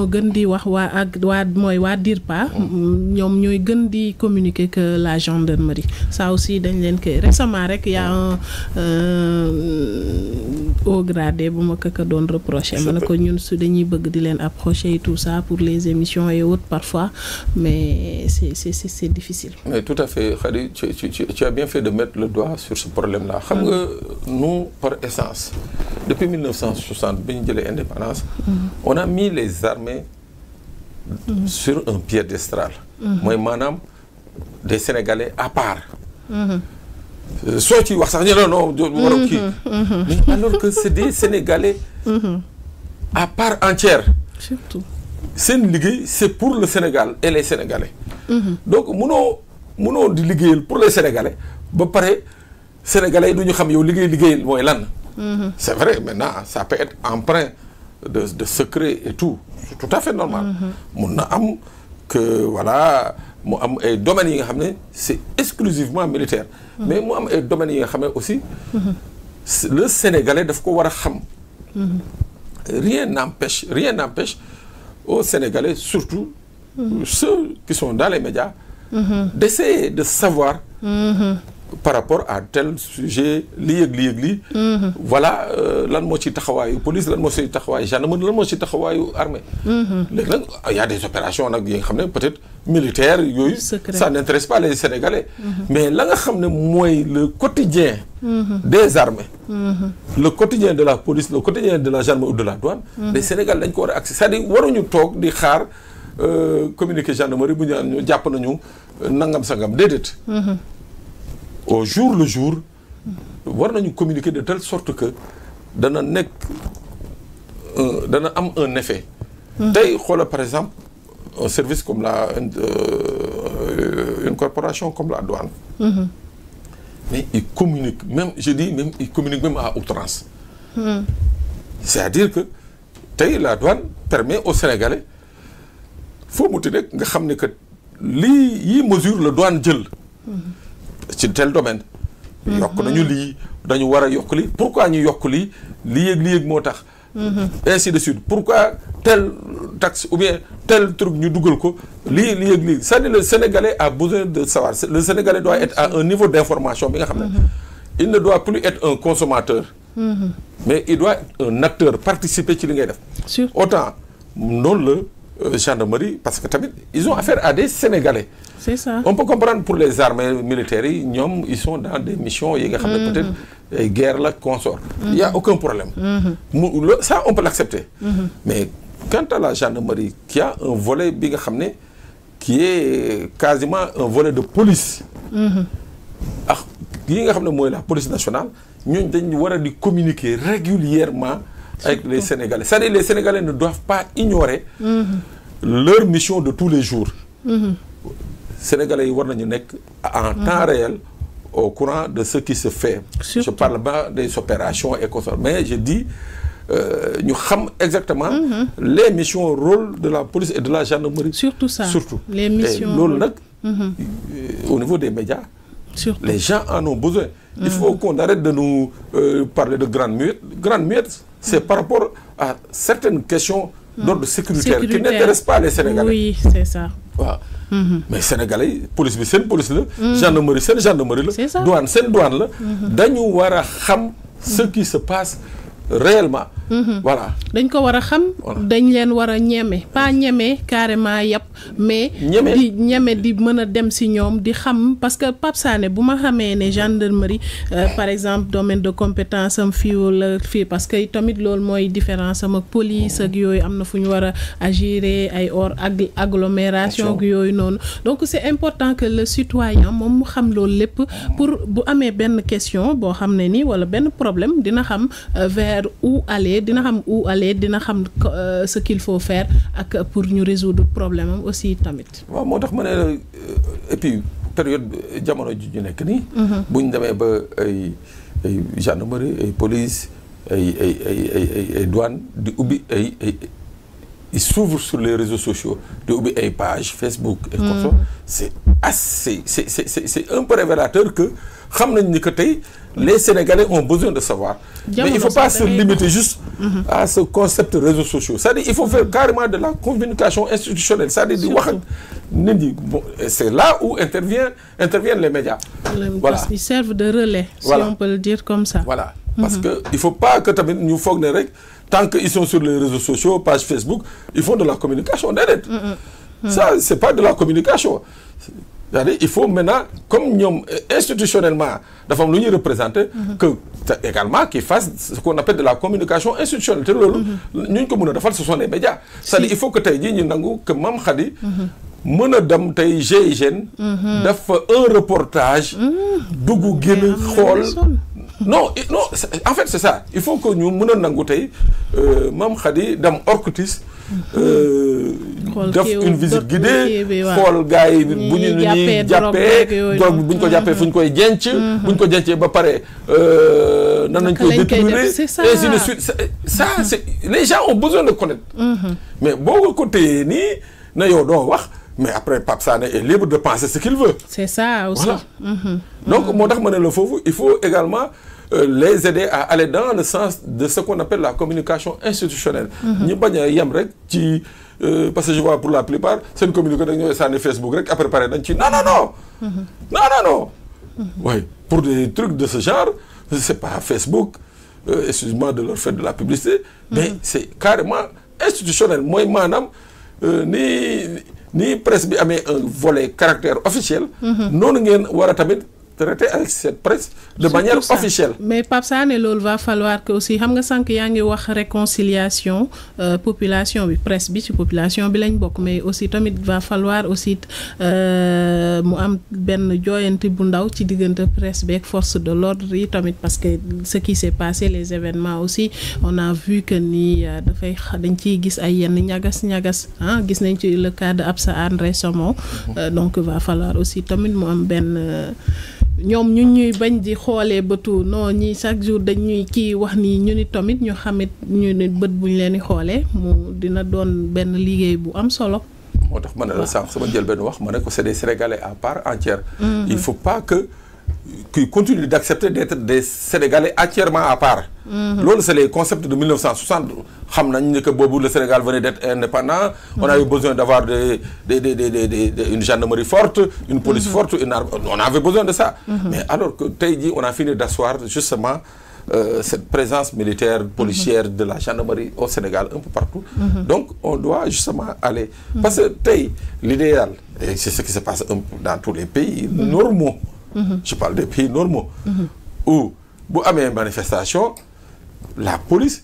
ñoo gën di wax waa ak waa mooy waa DIRPA ñoom ñooy gën di communiquer que la gendarmerie ça aussi dañ leen koy récemment rek y a un euh, haut gradé bu ma ko doon reproché ma ne ko ñun su dañuy bëgg di leen approché et tout ça pour les émissions et autres parfois mais c'est c'est c'est difficile mais tout à fait Khady tu, tu, tu, tu bien fait de mettre le doigt sur ce problème la xam nga nous par essence depuis 1960 jëlee indépendance mm-hmm. on a mis les armées mais sur un piédestal. Mhm. mooy maanaam de sénégalais à part. Mhm. soo ciy wax sax ñu ne non non. kii mhm. alors que c'est des sénégalais. à part entière. seen liggéey c'est pour le Sénégal et les sénégalais. donc munoo munoo di liggéeyal pour les sénégalais ba pare sénégalais du ñu xam yow liggéey liggéeyal mooy lan. c'est vrai maintenant ça peut être emprunt. de de secret et tout tout à fait normal. mun na am que voilà mu am ay domaines yi nga xam ne c'est exclusivement militaire. mais mu am ay domaines yi nga xam ne aussi. le sénégalais daf ko war a xam. rien n'empêche rien n'empêche aux sénégalais surtout. ceux qui sont dans les médias. d'essayer de savoir. par rapport à tel sujet li yëg li yëg lan moo ci taxawaayu police lan moo ci taxawaayu gendarmerie lan moo ci taxawaayu armée mhm. léegi nag y a des opérations nag yi nga xam ne peut-être militaire yooyu ça n'intéresse pas les Sénégalais mhm. mais la nga xam ne mooy le quotidien mhm. des armées le quotidien de la police le quotidien de la gendarmerie ou de la douane les Sénégalais dañ ko war a accès c'est-à-dire waruñu toog di xaar euh, communiqué gendarmerie bu ñu jàpp nañu euh, nangam sangam au jour le jour war nañu communiquer de telle sorte que dana nekk euh, dana am un effet. Mm-hmm. tey xoola par exemple un service comme la euh, euh, une corporation comme la douane. Mm-hmm. mais il communique même je dis même il communique à outrance. Mm-hmm. c'est-à-dire que tey la douane permet aux Sénégalais foo muti nekk nga xam ni que lii yii mesure la douane jël. ci tel domaine. yokk mhm. nañu lii dañu war a yokk lii pourquoi ñu yokk lii lii yëg lii yëg moo tax. Mhm. ainsi de suite pourquoi tel taxe ou bien tel truc ñu dugal ko lii lii yëg lii c'est-à-dire le Sénégalais a besoin de savoir le Sénégalais doit être à mhm. un niveau d'information bi nga xam ne. il ne doit plus être un consommateur. mais il doit être un acteur participer ci li ngay def. autant noonu la euh, gendarmerie parce que tamit ils ont affaire à des Sénégalais. c'est ça on peut comprendre pour les armées militaires yi ñoom ils sont dans des missions yi nga xam ne mm-hmm. peut euh, guerre la consort il a mm-hmm. aucun problème mm-hmm. mu lo ça on peut l'accepter mais quant à la gendarmerie qui a un volet bi nga xam ne qui est quasiment un volet de police ah yi nga xam ne mooy la police nationale ñooñ dañ war a di communiquer régulièrement avec les Sénégalais c'est-à-dire les Sénégalais ne doivent pas ignorer leur mission de tous les jours sénégalais yi war nañu nekk en mhm. temps réel au courant de ce qui se fait Surtout. je parle pas des opérations et consorts mais je dis euh, ñu euh, xam exactement mhm. les missions rôle de la police et de la gendarmerie surtout ça surtout les missions loolu nag mhm. euh, au niveau des médias Les gens en ont besoin. Il faut qu'on arrête de nous euh, parler de grande muette. Grande muette, c'est par rapport à certaines questions mmh. d'ordre sécuritaire, qui n'intéressent pas les Sénégalais. waaw. Mm-hmm. mais sénégalais yi police bi seen police la. Mm-hmm. gendarmerie seen gendarmerie la. douane seen douane la. Mm-hmm. dañu war a ce qui se passe. réellement. Mhm. voilà dañ ko war a xam. dañ leen war a ñeme pas ñeme carrément yàpp mais. di ñeme di mën a dem si ñoom di xam parce que Pape Sané bu ma xamee ne gendarmerie euh, par exemple domaine de compétence am fii wala fii parce que tamit loolu mooy différence am ak police ak yooyu am na fu ñu war a agir ay or ag agglomération ak yooyu noonu donc c'est important que le citoyen moom mu xam lool lépp pour bu amee benn question boo xam ne nii wala benn problème dina xam euh, vers dina xam u aller dina xam euh, ce qu'il faut faire ak pour ñu résoudre problème aussi tamit. waaw moo tax ma ne la euh, et période jamono ji ñu nekk nii. Mhm. bu ñu demee ba ay ay gendarmerie ay police ay ay ay douane di ubbi ay ay. ils sur les réseaux sociaux di ubbi ay page Facebook. et comme mhm. c'est assez ah, c'est c'est un peu révélateur que xam nañ ni que tey les Sénégalais ont besoin de savoir mais il faut pas se limiter juste mm-hmm. à ce concept réseaux sociaux c'est-à-dire il faut faire carrément de la communication institutionnelle c'est-à-dire di wax ak nit ñi les médias voilà ils servent de relais voilà mm-hmm. parce que il faut pas que tamit ñu foog ne rek tant que ils sont sur les réseaux sociaux page Facebook ils font de la communication déedéet c'est pas de la communication cest à il faut maintenant comme ñoom euh, institutionnellement dafa am lu ñuy représenté mhm. que également qu'ils fassent ce qu'on appelle de la communication institutionnelle te loolu. Mhm. ñu ko mën a defal ce sont les médias. cest à il faut que tey jii ñu nangu que Mame Khady. Mhm. mën a dem tey GIGN. def fa un reportage. dugg génn xool. non non en fait c'est ça il faut que ñu mën a nangu tey euh, Mame Khady dem Orcutis. Euh, def une visite guidée xool gars yi bu ñu ñuy jàppee drogue bi bu ñu ko jàppee fu ñu koy jenc mm-hmm. bu ñu ko jencee ba pare euh, nan nañ ko détourner ainsi de suite ça mm-hmm. c'est les gens ont besoin de connaître mm-hmm. mais bo ko ni nii na yow doo wax mais après Pape Sané est libre de penser ce qu'il veut c'est ça aussi voilà donc moo tax ma ne la foofu il faut également euh, les aider à aller dans le sens de ce qu'on appelle la communication institutionnelle ñu bañ a yem rek ci Euh, parce que je vois pour la plupart seen communiqué dañoo sànni Facebook rek après pare dañ non non non. Mm-hmm. non non pour des trucs de ce genre c' est pas Facebook euh, excuse de leur faire de la publicité. Mm-hmm. mais c' est carrément institutionnel mooy maanaam euh, ni ni presse bi amee un volet caractère officiel. Mm-hmm. noonu ngeen war a tamit. traiter avec cette presse de Surtout manière mais Pape Sané loolu va falloir que aussi xam nga sànq yaa ngi wax réconciliation euh, population bi presse bi ci population bi lañ bokk mais aussi tamit va falloir aussi euh, mu am benn jooyante bu ndaw ci diggante presse bi ak de l'ordre tamit parce que ce qui s'est passé les événements aussi a vu que ni euh, dafay dañ ciy gis ay yenn ñagas ñagas ah gis nañ ci le cas de Absa André Somon mmh. euh, donc va aussi tamit mu am benn. ñoom ñu ñuy bañ di xoolee bëtu non ñi chaque jour dañ ñuy wax nii ñu ni tamit ñu xamit ñu ni bët bu ñu leen di xoolee mu dina doon benn liggéey bu am solo. moo tax ma ne la sànq sama jël benn wax ma ne ko c'est des Sénégalais à part entière. Mm-hmm. il faut pas que. qui continuent d'accepter d'être des Sénégalais entièrement à part. Mhm. loolu c'est les concepts de 1960 xam nañ ne que boobu le Sénégal venait d'être indépendant. on avait mhm. besoin d'avoir des des des des une gendarmerie forte. une police mhm. forte on avait besoin de ça. mais alors que tey jii on a fini d'asseoir justement euh, cette présence militaire policière de la gendarmerie au Sénégal un peu partout. donc on doit justement aller. parce que tey l'idéal et Mm-hmm. je parle des pays normaux. Mm-hmm. où bu amee manifestation la police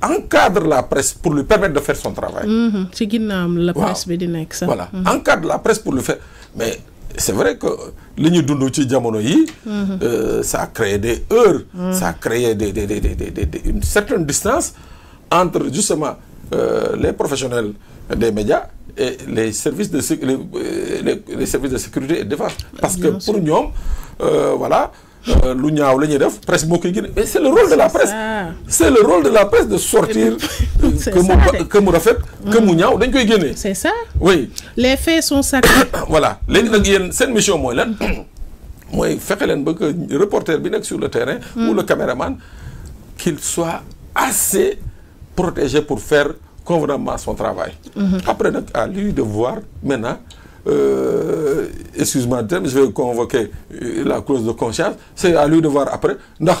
encadre la presse pour lui permettre de faire son travail. Mm-hmm. ci ginnaawam la presse bi di nekk sax. voilà encadre la presse pour lui faire mais c'est vrai que li ñu dund ci jamono yi. Euh, ça a créé des heurts. Mm. ça a des des des des des une certaine distance entre justement euh, les professionnels. des médias et les services de les, euh, les, les services de sécurité et défense parce que pour ñoom euh, voilà euh, lu ñaaw la ñuy def presse moo koy génne mais c'est le rôle de la presse c'est le rôle de la presse de sortir que mu que rafet que mu mm. ñaaw dañ koy génne c'est ça oui les faits sont sacrés voilà léegi nag yéen seen mission mooy lan mooy fexe leen ba que reporter bi nekk sur le terrain mm. ou le caméraman qu'il soit assez protégé pour faire convenablement son travail. Mhm. Après, donc, à lui de voir maintenant euh, excuse-moi je vais convoquer euh, la clause de conscience c'est à lui de voir après ndax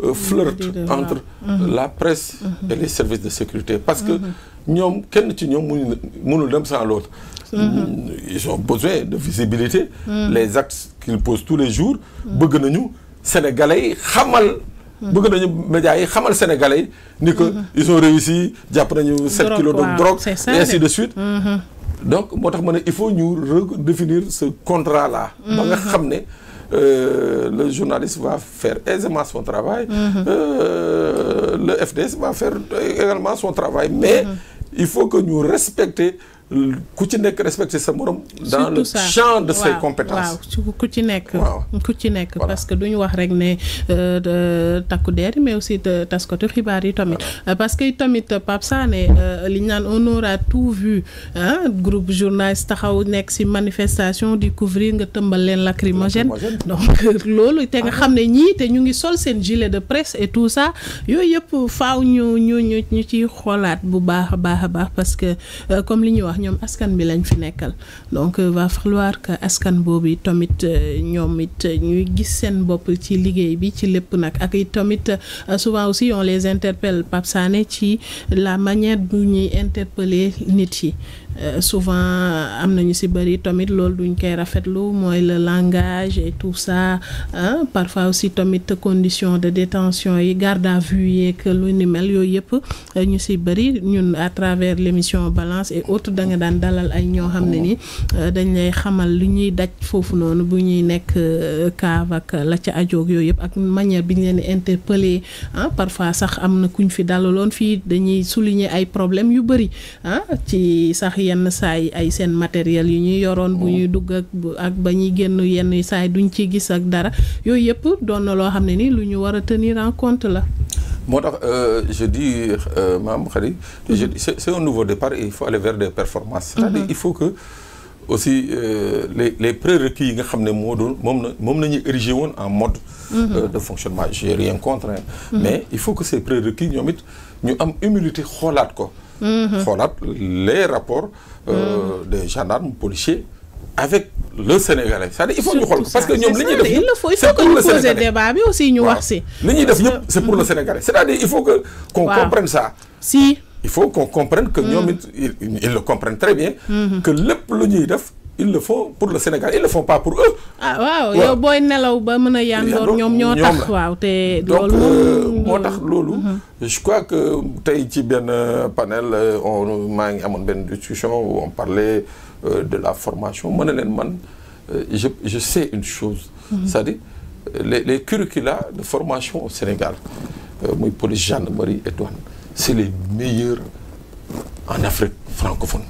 Euh, flirte entre la presse mm-hmm. Mm-hmm. et les services de sécurité parce que mm-hmm. ñoom kenn ci ñoom mënul mënul dem sans l'autre ils ont besoin de visibilité les actes qu'ils posent tous les jours bëgg nañu sénégalais yi xamal bëgg nañu médias yi xamal sénégalais yi ni que ils ont réussi jàpp nañu sept kilos de drogue et ainsi de suite donc moo tax ma ne il faut ñu redéfinir ce contrat la ba nga xam ne euh, le journaliste va faire aisément son travail, mm -hmm. euh, le FDS va faire également son travail, mais mm -hmm. il faut que nous respections ku ci nekk respecter sa morom. dans le champ de ses compétences. waaw ku ci nekk. ku ci nekk parce que duñu wax rek ne euh, euh, takku der mais aussi taskatu xibaar yi tamit. Euh, parce que tamit Pape Sané li ñu naan on aura tout vu groupe journaliste taxaw nekk si manifestation di couvrir nga tëmbal leen lacrymogène. donc loolu te nga ah. xam ne ñii te ñu ngi sol seen gilet de presse et tout ça yooyu yëpp faaw ñu ñu ñu ñu ci xoolaat bu baax a baax a baax parce que comme li ñu wax. ñoom askan bi lañ fi nekkal donc euh, va falloir que askan boobu tamit euh, ñoom it ñuy gis seen bopp ci liggéey bi ci lépp nag ak it tamit euh, souvent aussi on les interpelle Pape Sané ci la manière bu ñuy interpeller nit yi Euh, souvent am nañu si bëri tamit loolu duñ koy rafetlu mooy le langage et tout ça hein? parfois aussi tamit condition de détention yi garde à vue yeeg lu ni mel yooyu yëpp euh, ñu si bëri ñun à travers l'émission balance et autres da nga daan dalal ay ñoo xam ne ni euh, dañ lay xamal lu ñuy daj foofu noonu bu ñuy nekk kaaf ak la ca ajoog yooyu yëpp ak manière bi ñu leen di interpeller ah parfois sax am na kuñ fi dalaloon fii dañuy souligner ay problèmes yu bëri ah ci sax yenn saay ay seen matériel yu ñuy yoroon bu ñuy mm. dugg ak ba ñuy génn yenn saay duñ ci gis ak dara yooyu yëpp doon na loo xam ne ni lu ñu war a tenir en compte la moo tax euh, je euh, je mm-hmm. c'est un nouveau départ et il faut aller vers des performances cest à mm-hmm. il faut que aussi euh, les les prérequis yi nga xam ne moo moom na moom nañu érigé woon en mode mm-hmm. de fonctionnement j'ai rien contre mais il faut que ces prérequis ñoom it ñu am humilité xoolaat ko. Mhm. xoolaat les rapports. Euh, mhm. des gendarmes policiers. avec le Sénégalais c'est-à-dire il faut ñu xool ko parce que ñoom li ñuy def il aussi ñu ñuy def yëpp c'est pour le mhm. Sénégalais c'est-à-dire il faut que. qu'on comprenne ça. si il faut qu'on comprenne que ñoom it ils le comprennent très bien. que lépp lu ñuy def. ils le font pour le Sénégal ils le font pas pour eux. ah booy nelaw ba mën a. yàndoor ñoom ñoo tax waaw te. loolu euh, moo tax loolu. Mhm. je crois que tey ci benn panel euh, maa ngi amoon benn discussion où on parlait euh, de la formation mën na leen man je sais une chose. Mhm. cest dire les les curricula de formation au Sénégal muy police gendarmerie et douane c'est les meilleurs en Afrique francophone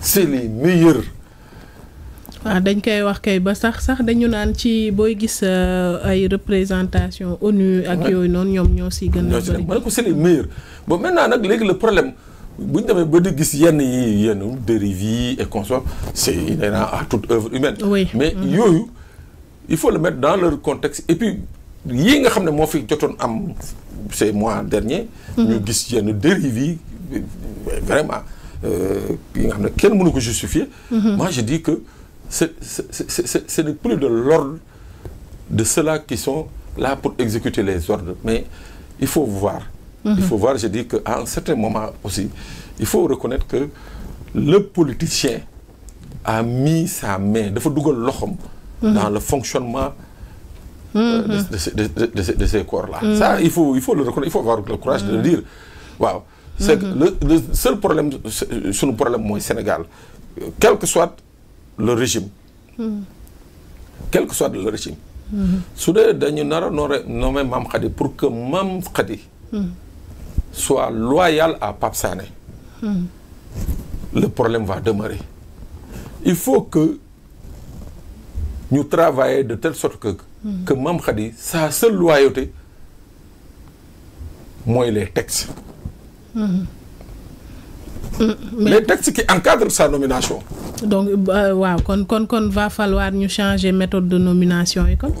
c'est les meilleurs. ah dañ koy wax kay ba sax sax dañu naan ci booy gis euh, ay représentation ONU ak yooyu noonu ñoom ñoo si gën a bëri man ko c'est les meilleurs bon maintenant nag léegi le problème bu ñu ba di gis yenn yi yenn dérive yi et consort c'est à toute œuvre humaine oui. mais mm-hmm. yooyu il faut le mettre dans leur contexte nga xam ne moo fi jotoon am ces mois dernier mm-hmm. ñu gis yenn dérive yi vraiment euh, yi nga xam ne kenn mënu ko justifier mm-hmm. moi je dis que ce n'est plus de l'ordre de ceux-là qui sont là pour exécuter les ordres. Mais il faut voir. Mm -hmm. qu'à un certain moment aussi, il faut reconnaître que le politicien a mis sa main, de Fodougal Lochom, mhm. dans le fonctionnement euh, de, mhm. de, ces corps-là. Mm il faut, il faut le reconnaître, il faut avoir le courage de le mhm. dire. Waouh! Le, le, seul problème, c'est problème, moi, Sénégal, quel soit le régime. quel que soit le régime. su dee dañu nar a nommer Mame pour que Mame Khady. soit loyal à Pape Sané. le problème va demeurer. il faut que ñu travailler de telle sort que. que Mame Khady sa seule loyauté mooy les textes. les textes ki encadrent sa nomination donc euh, waaw kon kon kon va falloir ñu changer méthode de nomination yi kon